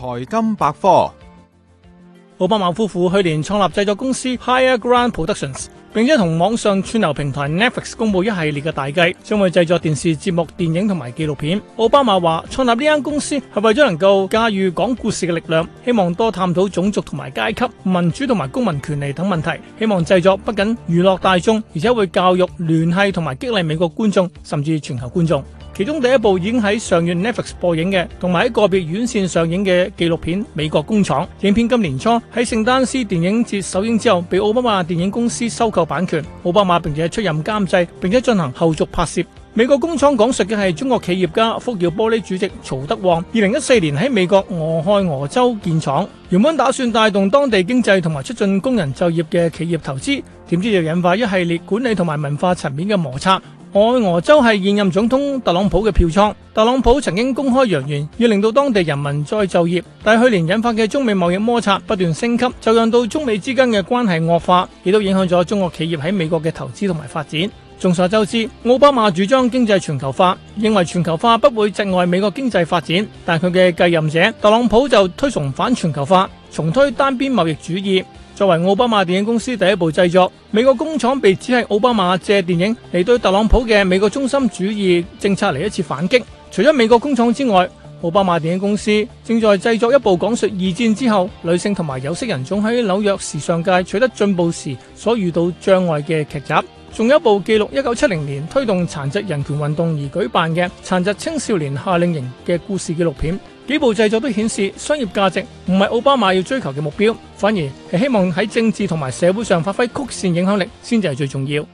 台金百科。奧巴馬夫婦去年創立製作公司 Higher Ground Productions，並且同網上串流平台 Netflix 公布一系列嘅大計，將會製作電視節目、電影同埋紀錄片。奧巴馬話：創立呢間公司係為咗能夠駕馭講故事嘅力量，希望多探討種族同埋階級、民主同埋公民權利等問題。希望製作不僅娛樂大眾，而且會教育、聯繫同埋激勵美國觀眾，甚至全球觀眾。其中第一部已經喺上月 Netflix 播映嘅，同埋喺個別院線上映嘅紀錄片《美國工廠》影片，今年初喺聖丹斯電影節首映之後，被奧巴馬電影公司收購版權。奧巴馬並且出任監製，並且進行後續拍攝。《美國工廠》講述嘅係中國企業家福耀玻璃主席曹德旺，二零一四年喺美國俄亥俄州建廠，原本打算帶動當地經濟同埋促進工人就業嘅企業投資，點知就引發一系列管理同埋文化層面嘅摩擦。愛俄州係現任總統特朗普嘅票倉，特朗普曾經公開揚言要令到當地人民再就業，但去年引發嘅中美貿易摩擦不斷升級，就讓到中美之間嘅關係惡化，亦都影響咗中國企業喺美國嘅投資同埋發展。眾所周知，奧巴馬主張經濟全球化，認為全球化不會窒礙美國經濟發展。但佢嘅繼任者特朗普就推崇反全球化，重推單邊貿易主義。作為奧巴馬電影公司第一部製作《美國工廠》，被指係奧巴馬借電影嚟對特朗普嘅美國中心主義政策嚟一次反擊。除咗《美國工廠》之外，奧巴馬電影公司正在製作一部講述二戰之後女性同埋有色人種喺紐約時尚界取得進步時所遇到障礙嘅劇集。仲有一部記錄一九七零年推動殘疾人權運動而舉辦嘅殘疾青少年夏令營嘅故事紀錄片，幾部製作都顯示商業價值唔係奧巴馬要追求嘅目標，反而係希望喺政治同埋社會上發揮曲線影響力先至係最重要。